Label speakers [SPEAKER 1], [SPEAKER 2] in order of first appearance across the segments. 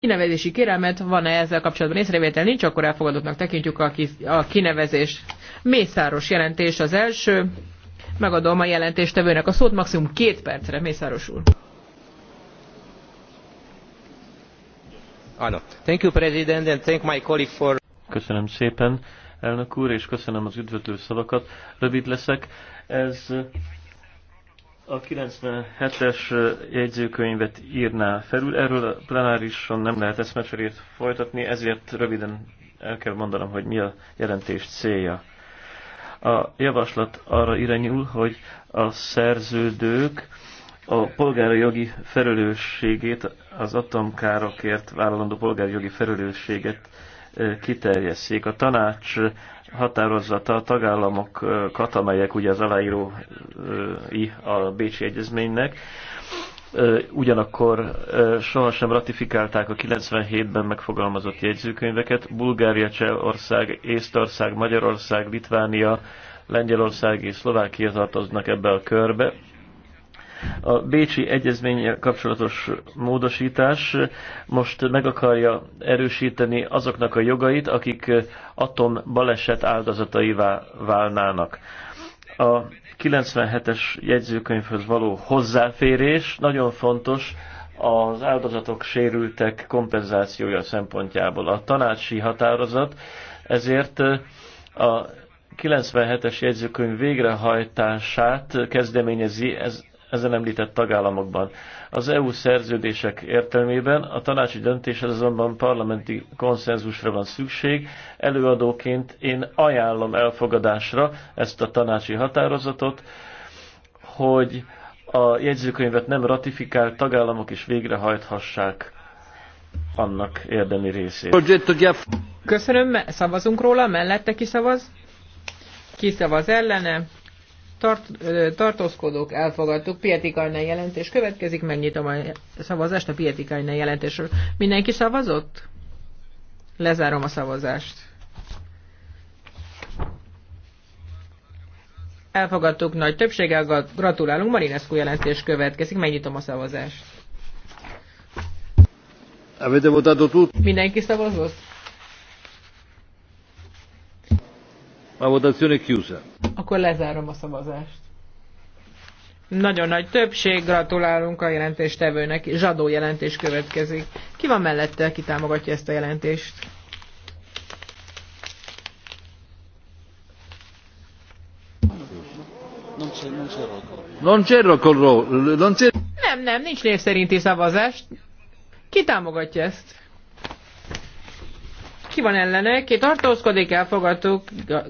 [SPEAKER 1] kinevezési kérelmet, van-e ezzel kapcsolatban észrevétel, nincs, akkor elfogadottnak tekintjük a, a kinevezés. Mészáros jelentés az első, megadom a jelentéstevőnek a szót, maximum két percre, Mészáros úr.
[SPEAKER 2] Thank you, President, and thank my colleague for... Köszönöm szépen, elnök úr, és köszönöm az üdvözlő szavakat. Rövid leszek. Ez a 97-es jegyzőkönyvet írná felül. Erről a plenárison nem lehet eszmecserét folytatni, ezért röviden el kell mondanom, hogy mi a jelentés célja. A javaslat arra irányul, hogy a szerződők a polgári jogi felelősségét, az atomkárokért vállalandó polgári jogi felelősséget kiterjesszék. A tanács határozata a tagállamokat, amelyek ugye az aláírói a Bécsi Egyezménynek, ugyanakkor sohasem ratifikálták a 97-ben megfogalmazott jegyzőkönyveket. Bulgária, Csehország, Észtország, Magyarország, Litvánia, Lengyelország és Szlovákia tartoznak ebbe a körbe. A Bécsi Egyezmény kapcsolatos módosítás most meg akarja erősíteni azoknak a jogait, akik atom baleset áldozataivá válnának. A 97-es jegyzőkönyvhöz való hozzáférés nagyon fontos, az áldozatok sérültek kompenzációja szempontjából. A tanácsi határozat ezért a 97-es jegyzőkönyv végrehajtását kezdeményezi ez ezen említett tagállamokban. Az EU szerződések értelmében a tanácsi döntéshez azonban parlamenti konszenzusra van szükség. Előadóként én ajánlom elfogadásra ezt a tanácsi határozatot, hogy a jegyzőkönyvet nem ratifikált tagállamok is végrehajthassák annak érdemi részét.
[SPEAKER 1] Köszönöm, szavazunk róla, mellette kiszavaz? Kiszavaz ellene, Tart, tartózkodók elfogadtuk. Kajnán jelentés következik. Megnyitom a szavazást a Kajnán jelentésről. Mindenki szavazott? Lezárom a szavazást. Elfogadtuk nagy többséggel, gratulálunk. Marinescu jelentés következik, megnyitom a szavazást. Mindenki szavazott?
[SPEAKER 3] A votazione chiusa.
[SPEAKER 1] Akkor lezárom a szavazást. Nagyon nagy többség, gratulálunk a jelentéstevőnek, zsadó jelentés következik. Ki van mellette, ki támogatja ezt a jelentést? Non c'è
[SPEAKER 3] rock Non c'è...
[SPEAKER 1] Nem, nem, nincs név szerinti szavazást. Ki támogatja ezt? Ki van ellene? Ki tartózkodik? Elfogadtuk.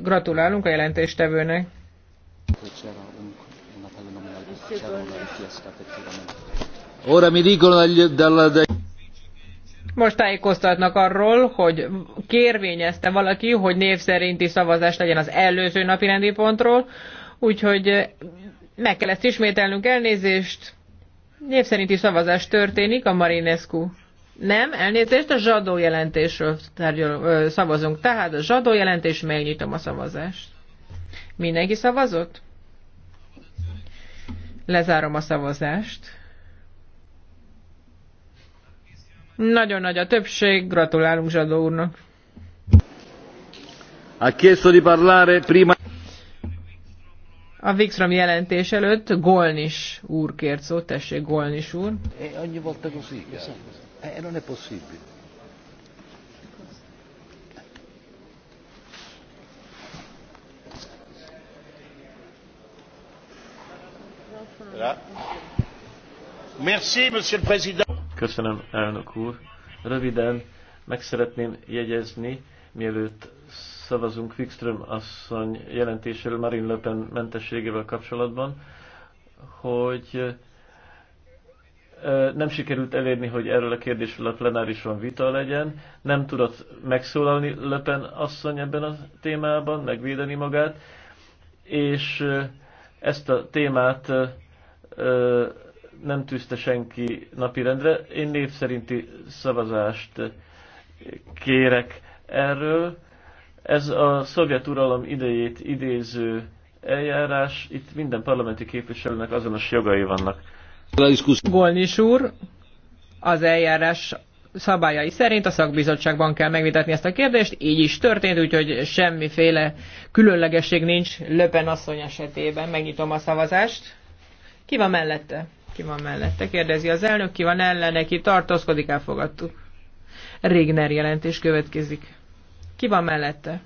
[SPEAKER 1] Gratulálunk a jelentéstevőnek. Ora mi most tájékoztatnak arról, hogy kérvényezte valaki, hogy név szerinti szavazás legyen az előző napi rendi pontról, úgyhogy eh, meg kell ezt ismételnünk elnézést. Név szerinti szavazás történik a Marinescu nem, elnézést, a zsadó jelentésről tárgyal, ö, szavazunk. Tehát a zsadó jelentés, megnyitom a szavazást. Mindenki szavazott? Lezárom a szavazást. Nagyon nagy a többség, gratulálunk Zsadó úrnak.
[SPEAKER 3] A chiesto di parlare
[SPEAKER 1] prima... A Vixram jelentés előtt Golnis úr kért szót, tessék Golnis úr.
[SPEAKER 3] Eh, E non è possibile.
[SPEAKER 2] Merci, Monsieur le Président. Köszönöm, elnök úr. Röviden meg szeretném jegyezni, mielőtt szavazunk Wikström asszony jelentéséről Marine Le Pen mentességével kapcsolatban, hogy nem sikerült elérni, hogy erről a kérdésről a plenárison vita legyen, nem tudott megszólalni Löpen asszony ebben a témában, megvédeni magát, és ezt a témát nem tűzte senki napirendre. Én név szerinti szavazást kérek erről. Ez a szovjet uralom idejét idéző eljárás, itt minden parlamenti képviselőnek azonos jogai
[SPEAKER 1] vannak. Golnis úr, az eljárás szabályai szerint a szakbizottságban kell megvitatni ezt a kérdést, így is történt, úgyhogy semmiféle különlegesség nincs Löpen asszony esetében. Megnyitom a szavazást. Ki van mellette? Ki van mellette? Kérdezi az elnök, ki van ellene, ki tartózkodik, elfogadtuk. Régner jelentés következik. Ki van mellette?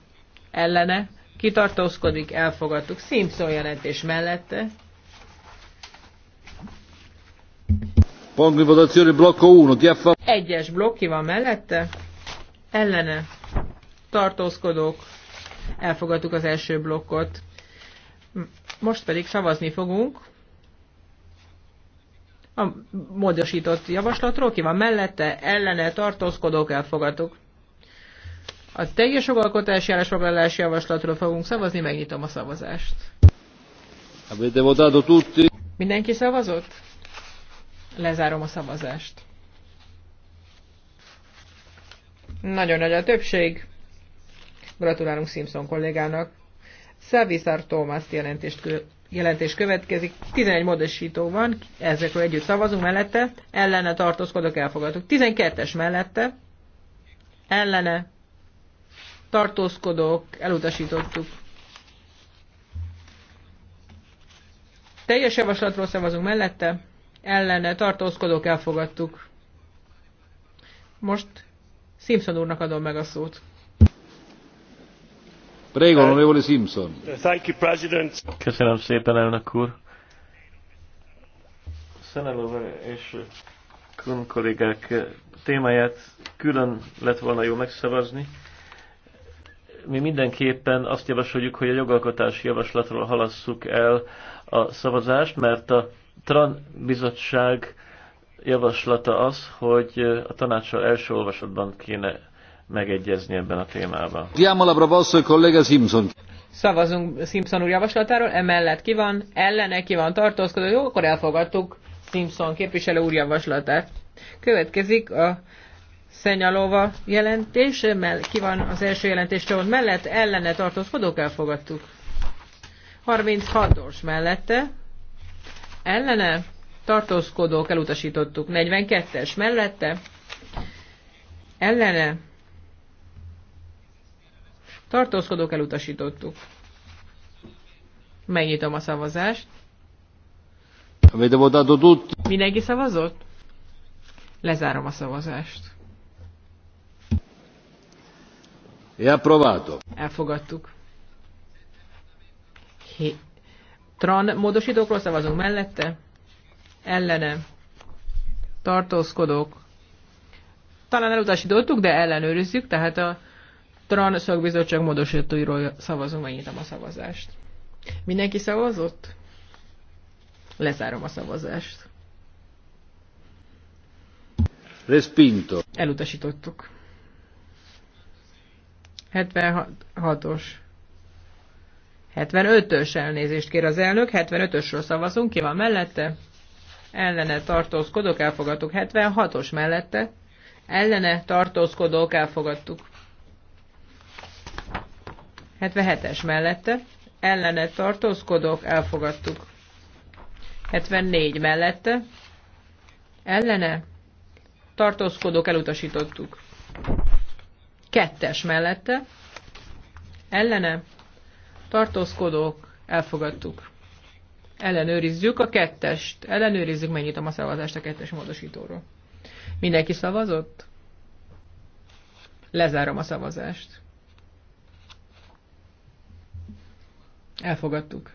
[SPEAKER 1] Ellene, ki tartózkodik, elfogadtuk. Simpson jelentés mellette, Egyes blokk ki van mellette, ellene tartózkodók, elfogadtuk az első blokkot. Most pedig szavazni fogunk a módosított javaslatról, ki van mellette, ellene tartózkodók, elfogadtuk. A teljes jogalkotási állásfoglalási javaslatról fogunk szavazni, megnyitom a szavazást. Mindenki szavazott? Lezárom a szavazást. Nagyon nagy a többség. Gratulálunk Simpson kollégának. Szaviszar Thomas jelentést kö- jelentés következik. 11 módosító van, ezekről együtt szavazunk mellette. Ellene tartózkodok, elfogadok. 12-es mellette. Ellene tartózkodok, elutasítottuk. Teljes javaslatról szavazunk mellette, ellene tartózkodók elfogadtuk. Most Simpson úrnak adom meg a szót.
[SPEAKER 3] Prego, onorevole
[SPEAKER 2] Simpson. Thank you, President. Köszönöm szépen, elnök úr. Szenelova és Kun kollégák témáját külön lett volna jó megszavazni. Mi mindenképpen azt javasoljuk, hogy a jogalkotási javaslatról halasszuk el a szavazást, mert a TRAN bizottság javaslata az, hogy a tanácssal első olvasatban kéne megegyezni ebben a témában. Diámalabra balszol kolléga Simpson.
[SPEAKER 1] Szavazunk Simpson úr javaslatáról, emellett ki van, ellene ki van tartózkodó, jó, akkor elfogadtuk Simpson képviselő úr javaslatát. Következik a Szenyalova jelentés, mert ki van az első jelentés csomag mellett, ellene tartózkodók elfogadtuk. 36-os mellette, ellene, tartózkodók elutasítottuk 42-es mellette, ellene, tartózkodók elutasítottuk. Megnyitom a szavazást. Mindenki szavazott? Lezárom a szavazást. Elfogadtuk tran módosítókról szavazunk mellette, ellene tartózkodók. Talán elutasítottuk, de ellenőrizzük, tehát a TRAN szakbizottság módosítóiról szavazunk, megnyitom a szavazást. Mindenki szavazott? Lezárom a szavazást.
[SPEAKER 3] Respinto.
[SPEAKER 1] Elutasítottuk. 76-os 75-ös elnézést kér az elnök, 75-ösről szavazunk, ki van mellette? Ellene tartózkodok, elfogadtuk. 76-os mellette? Ellene tartózkodók, elfogadtuk. 77-es mellette? Ellene tartózkodók, elfogadtuk. 74 mellette? Ellene tartózkodók, elutasítottuk. 2-es mellette? Ellene tartózkodók, elfogadtuk. Ellenőrizzük a kettest. Ellenőrizzük, megnyitom a szavazást a kettes módosítóról. Mindenki szavazott? Lezárom a szavazást. Elfogadtuk.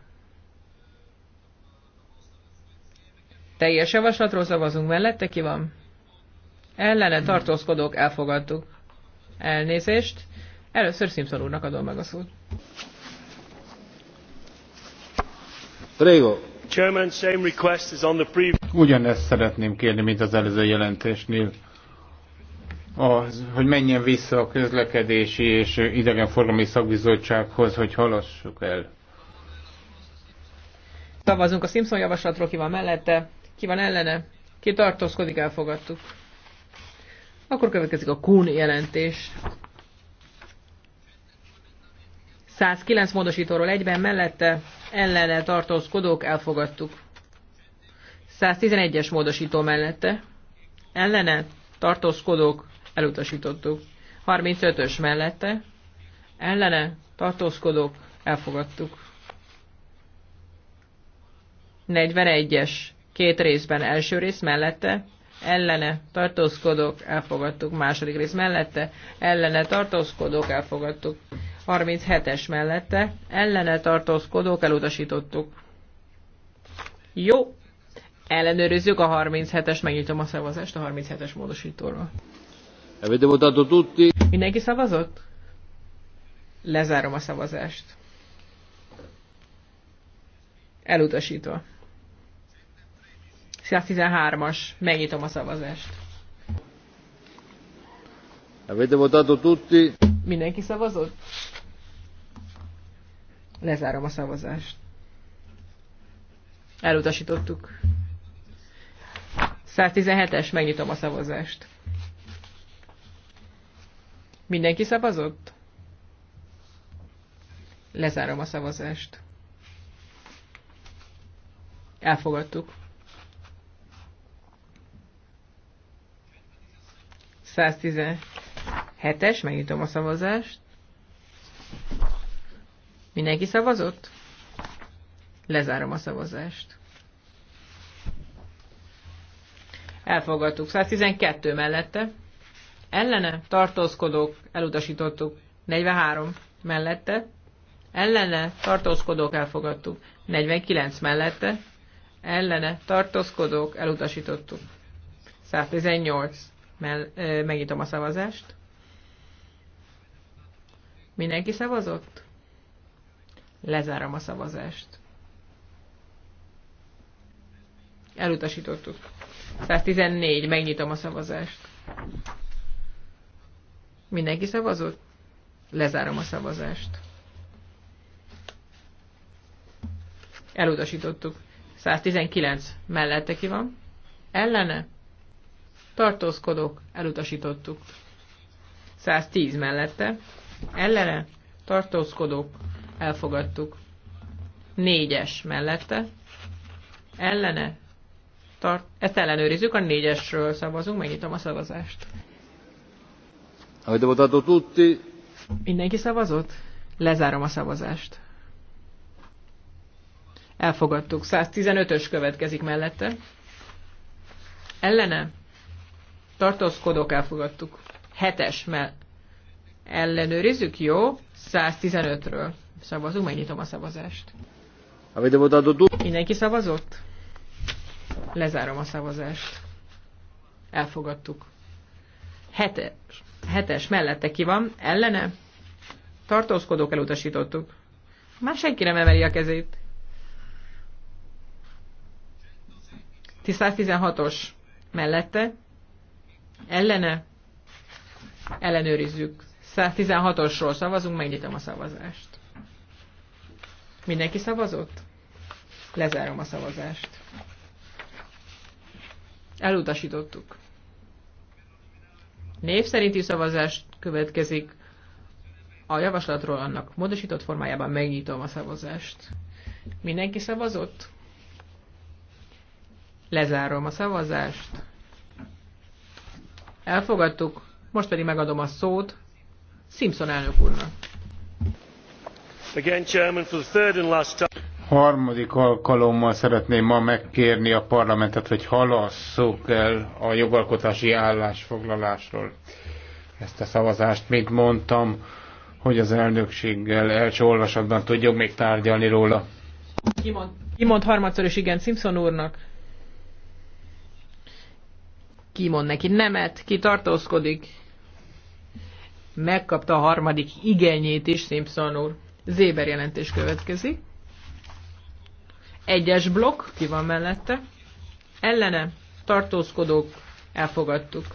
[SPEAKER 1] Teljes javaslatról szavazunk mellette, ki van? Ellene tartózkodók elfogadtuk. Elnézést. Először Simpson úrnak adom meg a szót.
[SPEAKER 3] Ugyanezt szeretném kérni, mint az előző jelentésnél. Az, hogy menjen vissza a közlekedési és idegenforgalmi szakbizottsághoz, hogy halassuk el.
[SPEAKER 1] Szavazunk a Simpson javaslatról, ki van mellette, ki van ellene, ki tartózkodik, elfogadtuk. Akkor következik a Kuhn jelentés. 109 módosítóról egyben mellette ellene tartózkodók elfogadtuk. 111-es módosító mellette ellene tartózkodók elutasítottuk. 35-ös mellette ellene tartózkodók elfogadtuk. 41-es két részben első rész mellette ellene tartózkodók elfogadtuk. Második rész mellette ellene tartózkodók elfogadtuk. 37-es mellette, ellene tartózkodók elutasítottuk. Jó, ellenőrizzük a 37-es, megnyitom a szavazást a 37-es módosítóról.
[SPEAKER 3] Avete votato tutti?
[SPEAKER 1] Mindenki szavazott? Lezárom a szavazást. Elutasítva. 113-as, megnyitom a szavazást.
[SPEAKER 3] Avete votato tutti?
[SPEAKER 1] Mindenki szavazott? Lezárom a szavazást. Elutasítottuk. 117-es, megnyitom a szavazást. Mindenki szavazott? Lezárom a szavazást. Elfogadtuk. 117-es, megnyitom a szavazást. Mindenki szavazott? Lezárom a szavazást. Elfogadtuk. 112 mellette. Ellene tartózkodók elutasítottuk. 43 mellette. Ellene tartózkodók elfogadtuk. 49 mellette. Ellene tartózkodók elutasítottuk. 118. Mell- megnyitom a szavazást. Mindenki szavazott? Lezárom a szavazást. Elutasítottuk. 114. Megnyitom a szavazást. Mindenki szavazott? Lezárom a szavazást. Elutasítottuk. 119. Mellette ki van? Ellene? Tartózkodok. Elutasítottuk. 110 mellette. Ellene? Tartózkodok elfogadtuk. Négyes mellette, ellene, tart, ezt ellenőrizzük, a négyesről szavazunk, megnyitom a szavazást.
[SPEAKER 3] Avete votato tutti?
[SPEAKER 1] Mindenki szavazott? Lezárom a szavazást. Elfogadtuk. 115-ös következik mellette. Ellene? Tartózkodok, elfogadtuk. 7-es, mert ellenőrizzük, jó? 115-ről. Szavazunk, megnyitom a szavazást. A Mindenki szavazott? Lezárom a szavazást. Elfogadtuk. Hetes. Hetes mellette ki van? Ellene? Tartózkodók elutasítottuk. Már senki nem emeli a kezét. 116-os mellette. Ellene? Ellenőrizzük. 116-osról szavazunk, megnyitom a szavazást. Mindenki szavazott? Lezárom a szavazást. Elutasítottuk. Név szerinti szavazás következik. A javaslatról annak módosított formájában megnyitom a szavazást. Mindenki szavazott? Lezárom a szavazást. Elfogadtuk, most pedig megadom a szót Simpson elnök úrnak.
[SPEAKER 3] Harmadik alkalommal szeretném ma megkérni a parlamentet, hogy halasszuk el a jogalkotási állásfoglalásról ezt a szavazást, mint mondtam, hogy az elnökséggel első olvasatban tudjuk még tárgyalni róla.
[SPEAKER 1] Kimond, kimond harmadszor is igen Simpson úrnak. Kimond neki nemet, ki tartózkodik. Megkapta a harmadik igenyét is Simpson úr. Zéber jelentés következik. Egyes blokk, ki van mellette. Ellene tartózkodók elfogadtuk.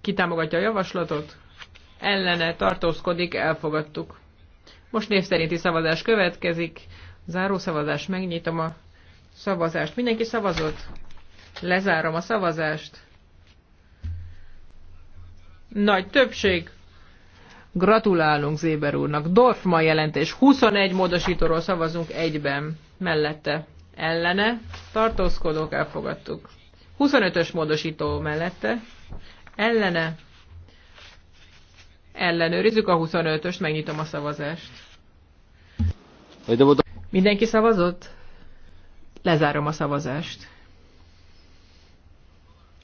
[SPEAKER 1] Ki támogatja a javaslatot? Ellene tartózkodik, elfogadtuk. Most név szerinti szavazás következik. Záró szavazás, megnyitom a szavazást. Mindenki szavazott? Lezárom a szavazást. Nagy többség. Gratulálunk Zéber úrnak. Dorfman jelentés. 21 módosítóról szavazunk egyben. Mellette. Ellene. Tartózkodók elfogadtuk. 25-ös módosító mellette. Ellene. Ellenőrizzük a 25-öst, megnyitom a szavazást. Mindenki szavazott? Lezárom a szavazást.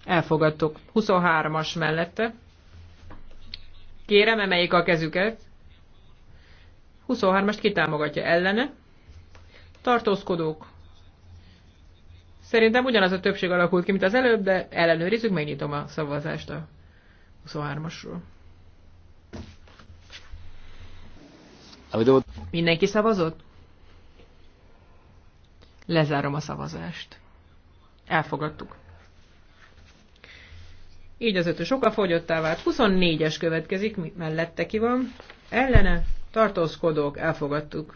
[SPEAKER 1] Elfogadtuk. 23-as mellette. Kérem, emeljék a kezüket. 23-ast kitámogatja ellene. Tartózkodók. Szerintem ugyanaz a többség alakult ki, mint az előbb, de ellenőrizzük, megnyitom a szavazást a 23-asról. Mindenki szavazott? Lezárom a szavazást. Elfogadtuk. Így az ötös oka fogyottá vált. 24-es következik, mellette ki van. Ellene tartózkodók, elfogadtuk.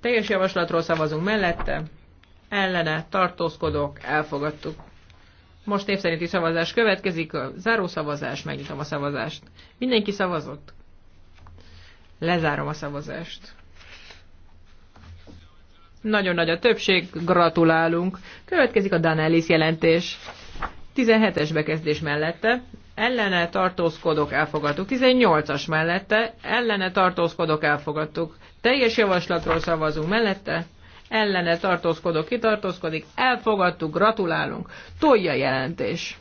[SPEAKER 1] Teljes javaslatról szavazunk mellette. Ellene tartózkodók, elfogadtuk. Most népszerinti szavazás következik, a záró szavazás, megnyitom a szavazást. Mindenki szavazott? Lezárom a szavazást. Nagyon nagy a többség, gratulálunk. Következik a Danelis jelentés. 17-es bekezdés mellette, ellene tartózkodok, elfogadtuk. 18-as mellette, ellene tartózkodok, elfogadtuk. Teljes javaslatról szavazunk mellette, ellene tartózkodok, kitartózkodik, elfogadtuk, gratulálunk. Tolja jelentés.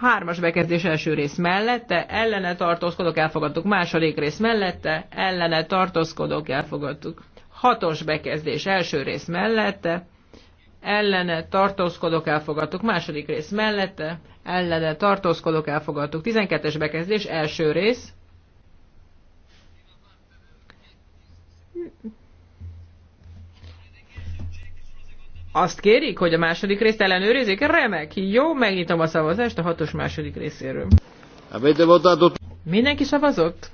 [SPEAKER 1] Hármas bekezdés első rész mellette, ellene tartózkodok, elfogadtuk. Második rész mellette, ellene tartózkodok, elfogadtuk. Hatos bekezdés első rész mellette, ellene tartózkodok, elfogadtuk. Második rész mellette, ellene tartózkodok, elfogadtuk. 12-es bekezdés, első rész. Azt kérik, hogy a második részt ellenőrizzék? Remek, jó, megnyitom a szavazást a hatos második részéről. Mindenki szavazott?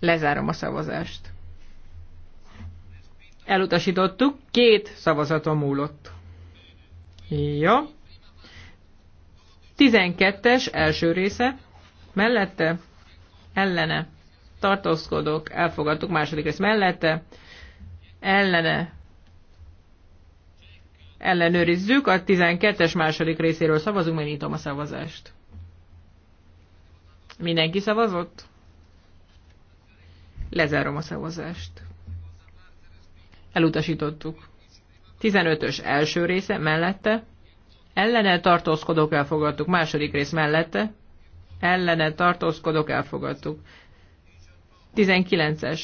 [SPEAKER 1] Lezárom a szavazást. Elutasítottuk, két szavazaton múlott. Jó. 12-es első része, mellette, ellene, tartózkodok, elfogadtuk, második rész mellette, ellene, ellenőrizzük, a 12-es második részéről szavazunk, nyitom a szavazást. Mindenki szavazott? Lezárom a szavazást elutasítottuk. 15-ös első része mellette, ellene tartózkodók elfogadtuk, második rész mellette, ellene tartózkodók elfogadtuk. 19-es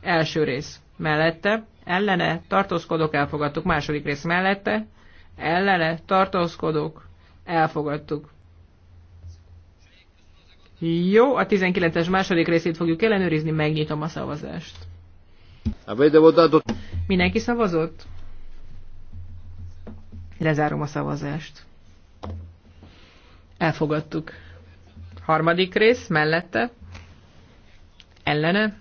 [SPEAKER 1] első rész mellette, ellene tartózkodók elfogadtuk, második rész mellette, ellene tartózkodók elfogadtuk. Jó, a 19-es második részét fogjuk ellenőrizni, megnyitom a szavazást. Mindenki szavazott? Lezárom a szavazást. Elfogadtuk. Harmadik rész mellette. Ellene.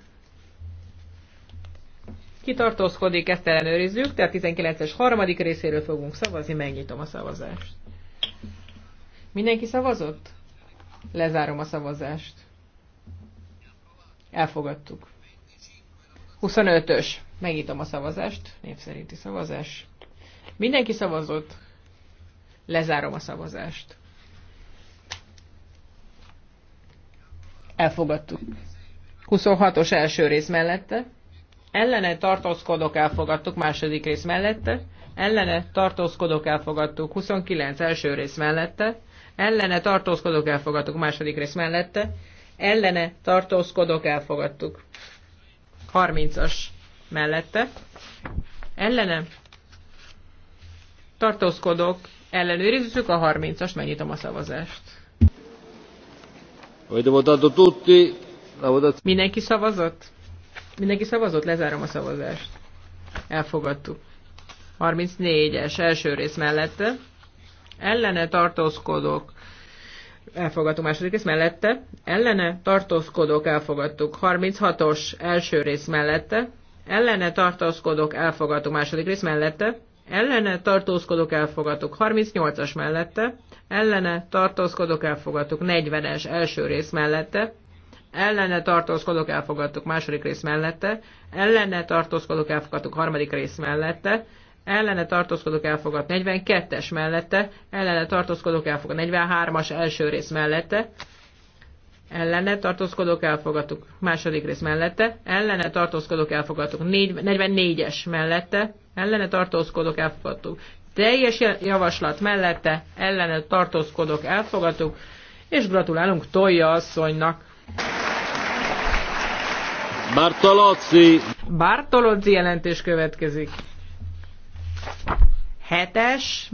[SPEAKER 1] Kitartózkodik, ezt ellenőrizzük, tehát 19-es harmadik részéről fogunk szavazni, megnyitom a szavazást. Mindenki szavazott? Lezárom a szavazást. Elfogadtuk. 25-ös. Megítom a szavazást. Népszerinti szavazás. Mindenki szavazott. Lezárom a szavazást. Elfogadtuk. 26-os első rész mellette. Ellene tartózkodok, elfogadtuk második rész mellette. Ellene tartózkodok, elfogadtuk 29 első rész mellette. Ellene tartózkodok, elfogadtuk második rész mellette. Ellene tartózkodok, elfogadtuk. 30-as mellette. Ellene tartózkodok, ellenőrizzük a 30-as, megnyitom a szavazást. Mindenki szavazott? Mindenki szavazott? Lezárom a szavazást. Elfogadtuk. 34-es első rész mellette. Ellene tartózkodok elfogadtuk második rész mellette, ellene tartózkodók elfogadtuk 36-os első rész mellette, ellene tartózkodók elfogadtuk második rész mellette, ellene tartózkodók elfogadtuk 38-as mellette, ellene tartózkodók elfogadtuk 40-es első rész mellette, ellene tartózkodók elfogadtuk második rész mellette, ellene tartózkodók elfogadtuk harmadik rész mellette, ellene tartózkodok elfogad 42-es mellette, ellene tartózkodok elfogad 43-as első rész mellette, ellene tartózkodok elfogadtuk második rész mellette, ellene tartózkodok elfogadtuk 44-es mellette, ellene tartózkodok elfogadtuk teljes javaslat mellette, ellene tartózkodok elfogadtuk, és gratulálunk Tolja asszonynak! Bartolozzi! Bartolozzi jelentés következik. Hetes,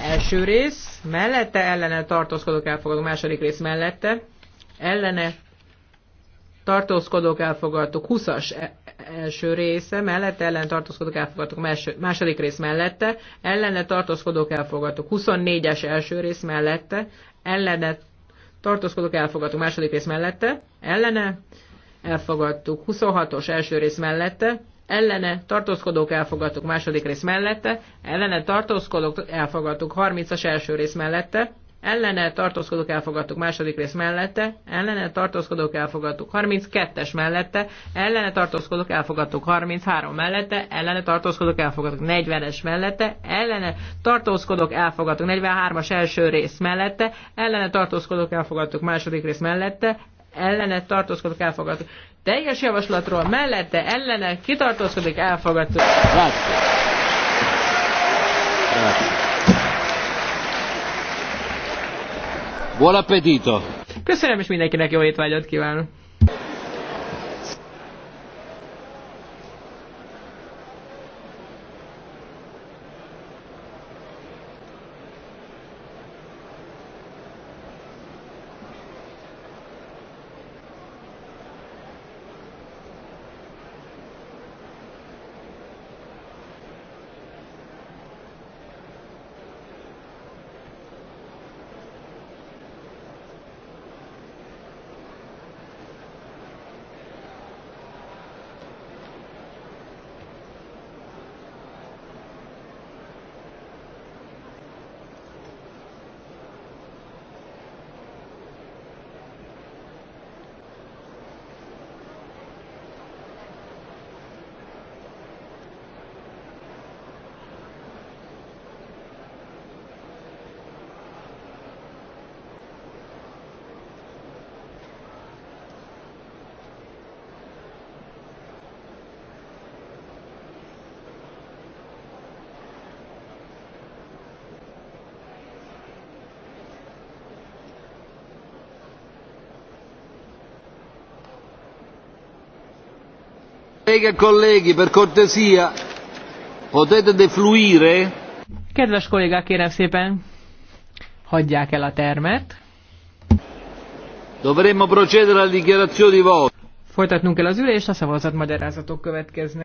[SPEAKER 1] első rész, mellette ellene tartózkodok, elfogadok, második rész mellette, ellene tartózkodok, elfogadok, 20-as e- első része mellette, ellen tartózkodok, elfogadok, második rész mellette, ellene tartózkodok, elfogadok, 24-es első rész mellette, ellene tartózkodok, elfogadok, második rész mellette, ellene elfogadtuk, 26-os első rész mellette, ellene tartózkodók elfogadtuk második rész mellette, ellene tartózkodók elfogadtuk 30-as első rész mellette, ellene tartózkodók elfogadtuk második rész mellette, ellene tartózkodók elfogadtuk 32-es mellette, ellene tartózkodók elfogadtuk 33 mellette, ellene tartózkodók elfogadtuk 40-es mellette, ellene tartózkodók elfogadtuk 43-as első rész mellette, ellene tartózkodók elfogadtuk második rész mellette, ellene tartózkodik, elfogadtuk. Teljes javaslatról mellette, ellene, kitartózkodik, elfogadtuk. Grazie.
[SPEAKER 3] Grazie. Buon appetito!
[SPEAKER 1] Köszönöm, és mindenkinek jó étvágyat kívánok!
[SPEAKER 3] Colleghe e per cortesia, potete defluire?
[SPEAKER 1] Kedves kollégák, kérem szépen, hagyják el a termet.
[SPEAKER 3] Dovremmo procedere alla dichiarazione di voto.
[SPEAKER 1] Folytatnunk kell az ülést, a szavazatmagyarázatok következnek.